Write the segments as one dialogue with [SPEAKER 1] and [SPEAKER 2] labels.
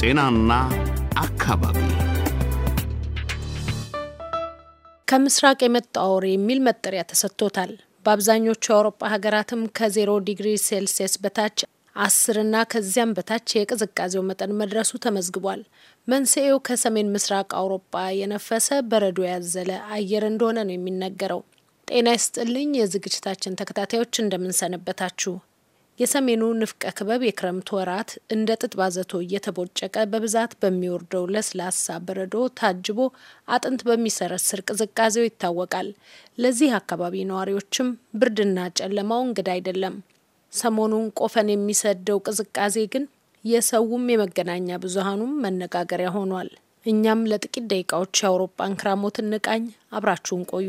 [SPEAKER 1] ጤናና አካባቢ ከምስራቅ የመጣ አውሬ የሚል መጠሪያ ተሰጥቶታል። በአብዛኞቹ የአውሮፓ ሀገራትም ከዜሮ ዲግሪ ሴልሲየስ በታች አስርና ከዚያም በታች የቅዝቃዜው መጠን መድረሱ ተመዝግቧል። መንስኤው ከሰሜን ምስራቅ አውሮፓ የነፈሰ በረዶ ያዘለ አየር እንደሆነ ነው የሚነገረው። ጤና ይስጥልኝ የዝግጅታችን ተከታታዮች እንደምንሰነበታችሁ። የሰሜኑ ንፍቀ ክበብ የክረምት ወራት እንደ ጥጥ ባዘቶ እየተቦጨቀ በብዛት በሚወርደው ለስላሳ በረዶ ታጅቦ አጥንት በሚሰረስር ቅዝቃዜው ይታወቃል። ለዚህ አካባቢ ነዋሪዎችም ብርድና ጨለማው እንግዳ አይደለም። ሰሞኑን ቆፈን የሚሰደው ቅዝቃዜ ግን የሰውም የመገናኛ ብዙሃኑም መነጋገሪያ ሆኗል። እኛም ለጥቂት ደቂቃዎች የአውሮፓን ክራሞት እንቃኝ። አብራችሁን ቆዩ።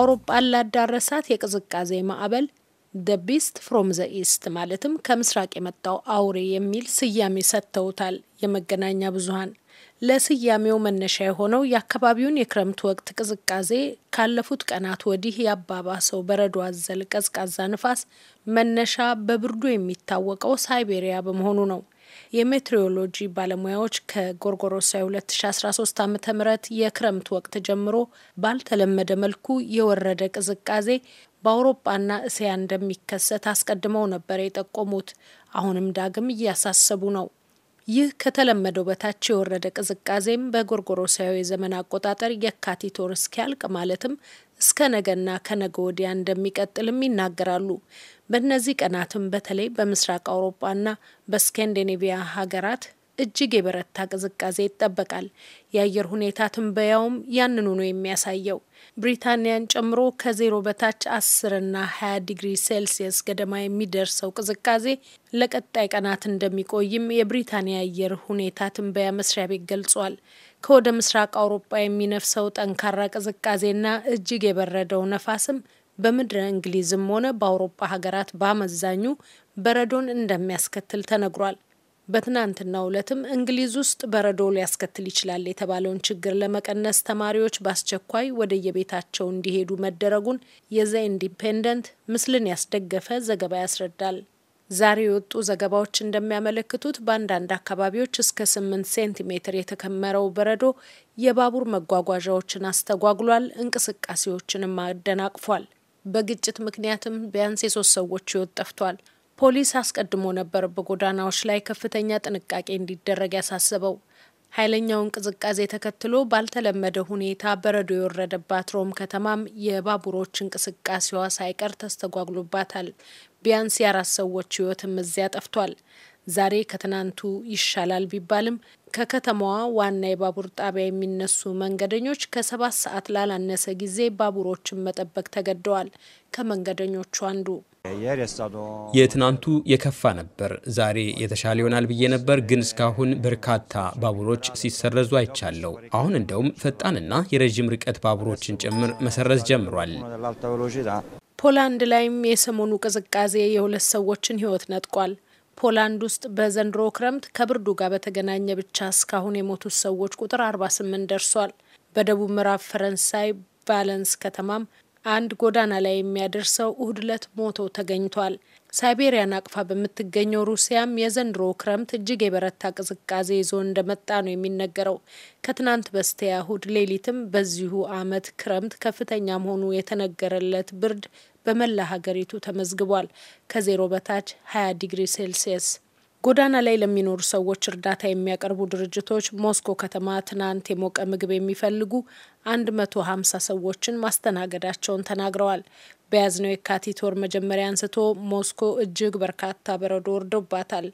[SPEAKER 1] አውሮፓን ላዳረሳት የቅዝቃዜ ማዕበል ደ ቢስት ፍሮም ዘ ኢስት ማለትም ከምስራቅ የመጣው አውሬ የሚል ስያሜ ሰጥተውታል የመገናኛ ብዙሀን። ለስያሜው መነሻ የሆነው የአካባቢውን የክረምት ወቅት ቅዝቃዜ ካለፉት ቀናት ወዲህ የአባባሰው በረዶ አዘል ቀዝቃዛ ንፋስ መነሻ በብርዱ የሚታወቀው ሳይቤሪያ በመሆኑ ነው። የሜትሮሎጂ ባለሙያዎች ከጎርጎሮሳዊ 2013 ዓ ም የክረምት ወቅት ጀምሮ ባልተለመደ መልኩ የወረደ ቅዝቃዜ በአውሮፓና እስያ እንደሚከሰት አስቀድመው ነበር የጠቆሙት። አሁንም ዳግም እያሳሰቡ ነው። ይህ ከተለመደው በታች የወረደ ቅዝቃዜም በጎርጎሮሳዊ የዘመን አቆጣጠር የካቲት ወር እስኪያልቅ ማለትም እስከ ነገና ከነገ ወዲያ እንደሚቀጥልም ይናገራሉ። በእነዚህ ቀናትም በተለይ በምስራቅ አውሮፓና በስካንዲኔቪያ ሀገራት እጅግ የበረታ ቅዝቃዜ ይጠበቃል። የአየር ሁኔታ ትንበያውም ያንኑ ነው የሚያሳየው። ብሪታንያን ጨምሮ ከዜሮ በታች አስርና ሀያ ዲግሪ ሴልሲየስ ገደማ የሚደርሰው ቅዝቃዜ ለቀጣይ ቀናት እንደሚቆይም የብሪታንያ አየር ሁኔታ ትንበያ መስሪያ ቤት ገልጿል። ከወደ ምስራቅ አውሮፓ የሚነፍሰው ጠንካራ ቅዝቃዜና እጅግ የበረደው ነፋስም በምድረ እንግሊዝም ሆነ በአውሮፓ ሀገራት በአመዛኙ በረዶን እንደሚያስከትል ተነግሯል። በትናንትናው ዕለትም እንግሊዝ ውስጥ በረዶ ሊያስከትል ይችላል የተባለውን ችግር ለመቀነስ ተማሪዎች በአስቸኳይ ወደ የቤታቸው እንዲሄዱ መደረጉን የዘ ኢንዲፔንደንት ምስልን ያስደገፈ ዘገባ ያስረዳል። ዛሬ የወጡ ዘገባዎች እንደሚያመለክቱት በአንዳንድ አካባቢዎች እስከ ስምንት ሴንቲሜትር የተከመረው በረዶ የባቡር መጓጓዣዎችን አስተጓጉሏል፣ እንቅስቃሴዎችንም አደናቅፏል። በግጭት ምክንያትም ቢያንስ የሶስት ሰዎች ሕይወት ጠፍቷል። ፖሊስ አስቀድሞ ነበር በጎዳናዎች ላይ ከፍተኛ ጥንቃቄ እንዲደረግ ያሳሰበው። ኃይለኛውን ቅዝቃዜ ተከትሎ ባልተለመደ ሁኔታ በረዶ የወረደባት ሮም ከተማም የባቡሮች እንቅስቃሴዋ ሳይቀር ተስተጓጉሎባታል። ቢያንስ የአራት ሰዎች ሕይወትም እዚያ ጠፍቷል። ዛሬ ከትናንቱ ይሻላል ቢባልም ከከተማዋ ዋና የባቡር ጣቢያ የሚነሱ መንገደኞች ከሰባት ሰዓት ላላነሰ ጊዜ ባቡሮችን መጠበቅ ተገደዋል። ከመንገደኞቹ አንዱ
[SPEAKER 2] የትናንቱ የከፋ ነበር። ዛሬ የተሻለ ይሆናል ብዬ ነበር፣ ግን እስካሁን በርካታ ባቡሮች ሲሰረዙ አይቻለሁ። አሁን እንደውም ፈጣንና የረዥም ርቀት ባቡሮችን ጭምር መሰረዝ ጀምሯል።
[SPEAKER 1] ፖላንድ ላይም የሰሞኑ ቅዝቃዜ የሁለት ሰዎችን ሕይወት ነጥቋል። ፖላንድ ውስጥ በዘንድሮ ክረምት ከብርዱ ጋር በተገናኘ ብቻ እስካሁን የሞቱት ሰዎች ቁጥር 48 ደርሷል። በደቡብ ምዕራብ ፈረንሳይ ቫለንስ ከተማም አንድ ጎዳና ላይ የሚያደርሰው እሁድ ዕለት ሞቶ ተገኝቷል። ሳይቤሪያን አቅፋ በምትገኘው ሩሲያም የዘንድሮ ክረምት እጅግ የበረታ ቅዝቃዜ ይዞ እንደመጣ ነው የሚነገረው። ከትናንት በስቲያ እሁድ ሌሊትም በዚሁ ዓመት ክረምት ከፍተኛ መሆኑ የተነገረለት ብርድ በመላ ሀገሪቱ ተመዝግቧል። ከዜሮ በታች 20 ዲግሪ ሴልሲየስ ጎዳና ላይ ለሚኖሩ ሰዎች እርዳታ የሚያቀርቡ ድርጅቶች ሞስኮ ከተማ ትናንት የሞቀ ምግብ የሚፈልጉ 150 ሰዎችን ማስተናገዳቸውን ተናግረዋል። በያዝነው የካቲት ወር መጀመሪያ አንስቶ ሞስኮ እጅግ በርካታ በረዶ ወርዶባታል።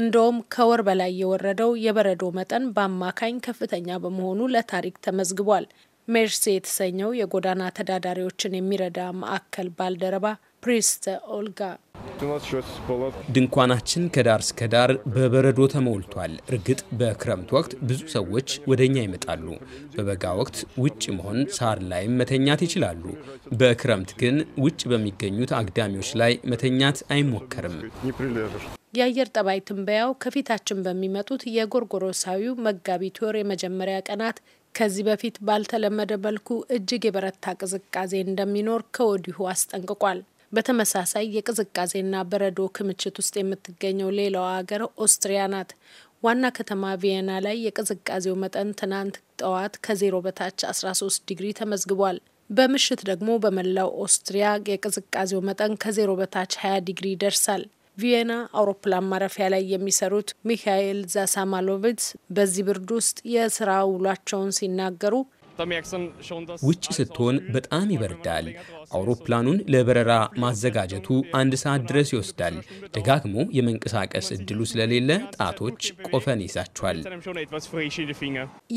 [SPEAKER 1] እንደውም ከወር በላይ የወረደው የበረዶ መጠን በአማካኝ ከፍተኛ በመሆኑ ለታሪክ ተመዝግቧል። ሜርሴ የተሰኘው የጎዳና ተዳዳሪዎችን የሚረዳ ማዕከል ባልደረባ ፕሪስት ኦልጋ
[SPEAKER 2] ድንኳናችን ከዳር እስከ ዳር በበረዶ ተሞልቷል። እርግጥ በክረምት ወቅት ብዙ ሰዎች ወደ እኛ ይመጣሉ። በበጋ ወቅት ውጭ መሆን፣ ሳር ላይም መተኛት ይችላሉ። በክረምት ግን ውጭ በሚገኙት አግዳሚዎች ላይ መተኛት አይሞከርም።
[SPEAKER 1] የአየር ጠባይ ትንበያው ከፊታችን በሚመጡት የጎርጎሮሳዊው መጋቢት ወር የመጀመሪያ ቀናት ከዚህ በፊት ባልተለመደ መልኩ እጅግ የበረታ ቅዝቃዜ እንደሚኖር ከወዲሁ አስጠንቅቋል። በተመሳሳይ የቅዝቃዜና በረዶ ክምችት ውስጥ የምትገኘው ሌላዋ ሀገር ኦስትሪያ ናት። ዋና ከተማ ቪየና ላይ የቅዝቃዜው መጠን ትናንት ጠዋት ከዜሮ በታች 13 ዲግሪ ተመዝግቧል። በምሽት ደግሞ በመላው ኦስትሪያ የቅዝቃዜው መጠን ከዜሮ በታች 20 ዲግሪ ይደርሳል። ቪየና አውሮፕላን ማረፊያ ላይ የሚሰሩት ሚካኤል ዛሳማሎቪትስ በዚህ ብርድ ውስጥ የስራ ውሏቸውን ሲናገሩ
[SPEAKER 2] ውጭ ስትሆን በጣም ይበርዳል። አውሮፕላኑን ለበረራ ማዘጋጀቱ አንድ ሰዓት ድረስ ይወስዳል። ደጋግሞ የመንቀሳቀስ እድሉ ስለሌለ ጣቶች ቆፈን ይዛቸዋል።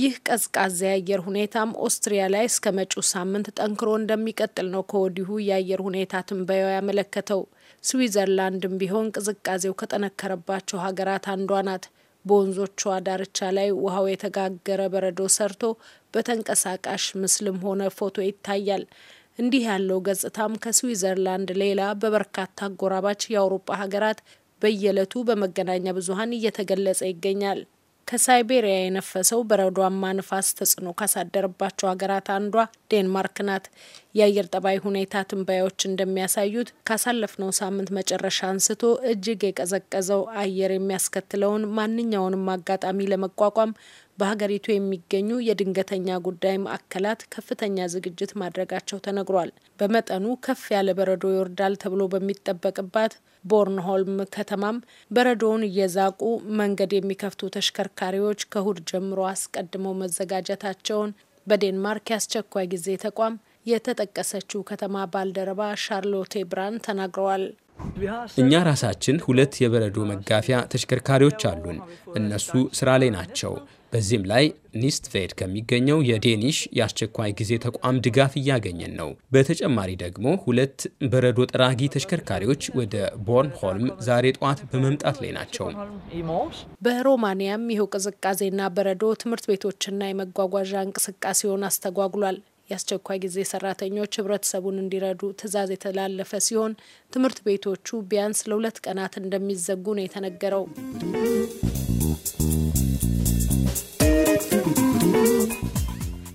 [SPEAKER 1] ይህ ቀዝቃዛ የአየር ሁኔታም ኦስትሪያ ላይ እስከ መጪው ሳምንት ጠንክሮ እንደሚቀጥል ነው ከወዲሁ የአየር ሁኔታ ትንበያው ያመለከተው። ስዊዘርላንድም ቢሆን ቅዝቃዜው ከጠነከረባቸው ሀገራት አንዷ ናት። በወንዞቿ ዳርቻ ላይ ውሃው የተጋገረ በረዶ ሰርቶ በተንቀሳቃሽ ምስልም ሆነ ፎቶ ይታያል። እንዲህ ያለው ገጽታም ከስዊዘርላንድ ሌላ በበርካታ አጎራባች የአውሮፓ ሀገራት በየዕለቱ በመገናኛ ብዙኃን እየተገለጸ ይገኛል። ከሳይቤሪያ የነፈሰው በረዷማ ንፋስ ተጽዕኖ ካሳደረባቸው ሀገራት አንዷ ዴንማርክ ናት። የአየር ጠባይ ሁኔታ ትንበያዎች እንደሚያሳዩት ካሳለፍነው ሳምንት መጨረሻ አንስቶ እጅግ የቀዘቀዘው አየር የሚያስከትለውን ማንኛውንም አጋጣሚ ለመቋቋም በሀገሪቱ የሚገኙ የድንገተኛ ጉዳይ ማዕከላት ከፍተኛ ዝግጅት ማድረጋቸው ተነግሯል። በመጠኑ ከፍ ያለ በረዶ ይወርዳል ተብሎ በሚጠበቅባት ቦርንሆልም ከተማም በረዶውን እየዛቁ መንገድ የሚከፍቱ ተሽከርካሪዎች ከእሁድ ጀምሮ አስቀድመው መዘጋጀታቸውን በዴንማርክ የአስቸኳይ ጊዜ ተቋም የተጠቀሰችው ከተማ ባልደረባ ሻርሎቴ ብራን ተናግረዋል።
[SPEAKER 2] እኛ ራሳችን ሁለት የበረዶ መጋፊያ ተሽከርካሪዎች አሉን። እነሱ ስራ ላይ ናቸው። በዚህም ላይ ኒስትቬድ ከሚገኘው የዴኒሽ የአስቸኳይ ጊዜ ተቋም ድጋፍ እያገኘን ነው። በተጨማሪ ደግሞ ሁለት በረዶ ጠራጊ ተሽከርካሪዎች ወደ ቦርንሆልም ዛሬ ጠዋት በመምጣት ላይ ናቸው።
[SPEAKER 1] በሮማኒያም ይኸው ቅዝቃዜና በረዶ ትምህርት ቤቶችና የመጓጓዣ እንቅስቃሴውን አስተጓጉሏል። የአስቸኳይ ጊዜ ሰራተኞች ህብረተሰቡን እንዲረዱ ትዕዛዝ የተላለፈ ሲሆን ትምህርት ቤቶቹ ቢያንስ ለሁለት ቀናት እንደሚዘጉ ነው የተነገረው።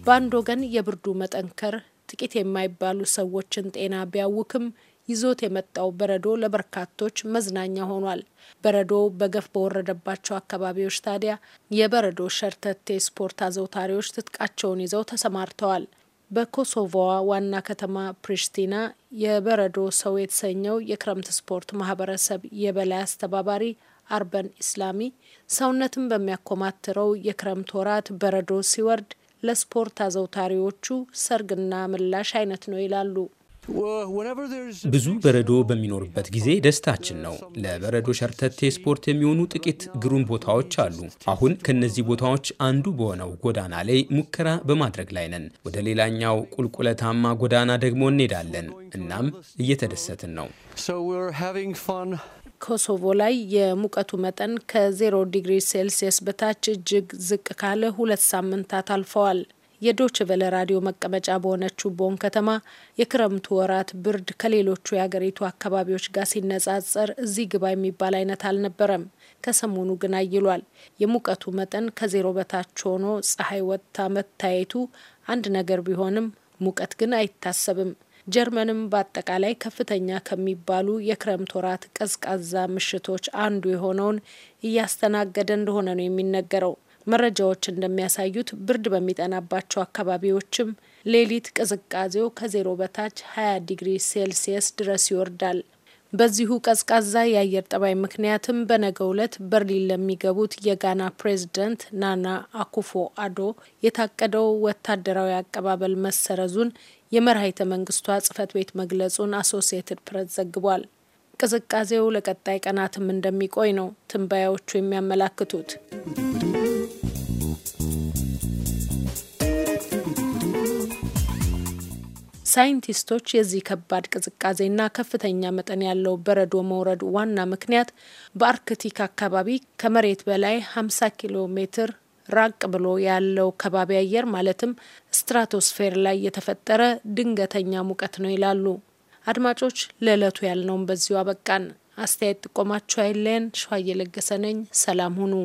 [SPEAKER 1] በአንድ ወገን የብርዱ መጠንከር ጥቂት የማይባሉ ሰዎችን ጤና ቢያውክም ይዞት የመጣው በረዶ ለበርካቶች መዝናኛ ሆኗል። በረዶ በገፍ በወረደባቸው አካባቢዎች ታዲያ የበረዶ ሸርተቴ ስፖርት አዘውታሪዎች ትጥቃቸውን ይዘው ተሰማርተዋል። በኮሶቮዋ ዋና ከተማ ፕሪስቲና የበረዶ ሰው የተሰኘው የክረምት ስፖርት ማህበረሰብ የበላይ አስተባባሪ አርበን ኢስላሚ ሰውነትን በሚያኮማትረው የክረምት ወራት በረዶ ሲወርድ ለስፖርት አዘውታሪዎቹ ሰርግና ምላሽ አይነት ነው ይላሉ።
[SPEAKER 2] ብዙ በረዶ በሚኖርበት ጊዜ ደስታችን ነው። ለበረዶ ሸርተቴ ስፖርት የሚሆኑ ጥቂት ግሩም ቦታዎች አሉ። አሁን ከነዚህ ቦታዎች አንዱ በሆነው ጎዳና ላይ ሙከራ በማድረግ ላይ ነን። ወደ ሌላኛው ቁልቁለታማ ጎዳና ደግሞ እንሄዳለን። እናም እየተደሰትን ነው።
[SPEAKER 1] ኮሶቮ ላይ የሙቀቱ መጠን ከዜሮ ዲግሪ ሴልሲየስ በታች እጅግ ዝቅ ካለ ሁለት ሳምንታት አልፈዋል። ቨለ ራዲዮ መቀመጫ በሆነችው ቦን ከተማ የክረምቱ ወራት ብርድ ከሌሎቹ የአገሪቱ አካባቢዎች ጋር ሲነጻጸር እዚህ ግባ የሚባል አይነት አልነበረም። ከሰሞኑ ግን አይሏል። የሙቀቱ መጠን ከዜሮ በታች ሆኖ ፀሐይ ወጥታ መታየቱ አንድ ነገር ቢሆንም ሙቀት ግን አይታሰብም። ጀርመንም በአጠቃላይ ከፍተኛ ከሚባሉ የክረምት ወራት ቀዝቃዛ ምሽቶች አንዱ የሆነውን እያስተናገደ እንደሆነ ነው የሚነገረው። መረጃዎች እንደሚያሳዩት ብርድ በሚጠናባቸው አካባቢዎችም ሌሊት ቅዝቃዜው ከዜሮ በታች 20 ዲግሪ ሴልሲየስ ድረስ ይወርዳል። በዚሁ ቀዝቃዛ የአየር ጠባይ ምክንያትም በነገው ዕለት በርሊን ለሚገቡት የጋና ፕሬዝደንት ናና አኩፎ አዶ የታቀደው ወታደራዊ አቀባበል መሰረዙን የመርሃይተ መንግስቷ ጽህፈት ቤት መግለጹን አሶሲየትድ ፕሬስ ዘግቧል። ቅዝቃዜው ለቀጣይ ቀናትም እንደሚቆይ ነው ትንበያዎቹ የሚያመላክቱት። ሳይንቲስቶች የዚህ ከባድ ቅዝቃዜና ከፍተኛ መጠን ያለው በረዶ መውረድ ዋና ምክንያት በአርክቲክ አካባቢ ከመሬት በላይ 50 ኪሎ ሜትር ራቅ ብሎ ያለው ከባቢ አየር ማለትም ስትራቶስፌር ላይ የተፈጠረ ድንገተኛ ሙቀት ነው ይላሉ። አድማጮች፣ ለዕለቱ ያልነውም በዚሁ አበቃን። አስተያየት ጥቆማችሁ አይለን። ሸዋ እየለገሰ ነኝ። ሰላም ሁኑ።